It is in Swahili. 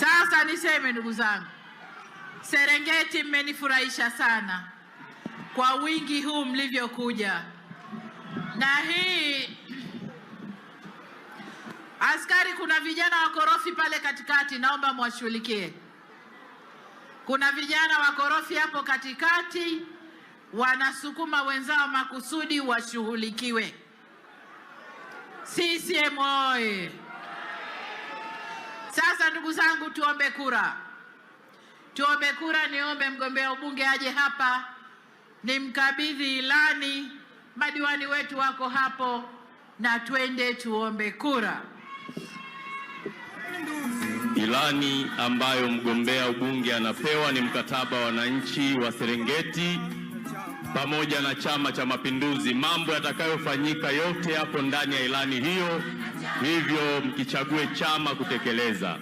Sasa niseme ndugu zangu, Serengeti mmenifurahisha sana kwa wingi huu mlivyokuja, na hii askari, kuna vijana wakorofi pale katikati, naomba mwashughulikie. Kuna vijana wakorofi hapo katikati wanasukuma wenzao makusudi, washughulikiwe. CCM oye! Sasa ndugu zangu, tuombe kura, tuombe kura. Niombe mgombea ubunge aje hapa nimkabidhi ilani, madiwani wetu wako hapo, na twende tuombe kura. Ilani ambayo mgombea ubunge anapewa ni mkataba wa wananchi wa Serengeti pamoja na Chama cha Mapinduzi. Mambo yatakayofanyika yote yapo ndani ya ilani hiyo, hivyo mkichague chama kutekeleza.